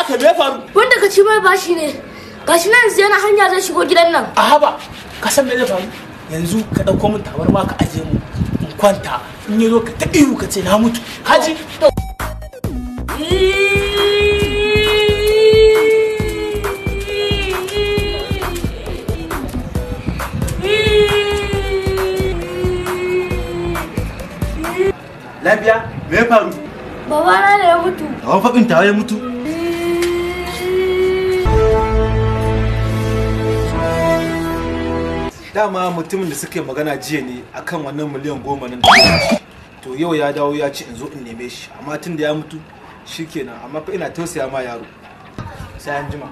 aka me faru wanda ka ci mai bashi ne gashi nan yana hanya zai shigo gidan nan a haba ka san me zai faru yanzu ka dauko min tabarma ka aje mu in kwanta in yazo ka ta ihu ka ce na mutu haji Lafiya, me faru? Babana da ya mutu. Hawan faɗin tawa ya mutu? Eh. dama mutumin da suke magana jiya ne akan wannan miliyan goma nan to yau ya dawo ya ce in zo in neme shi amma tun da ya mutu shikenan amma fa ina tausaya ma yaro sai an jima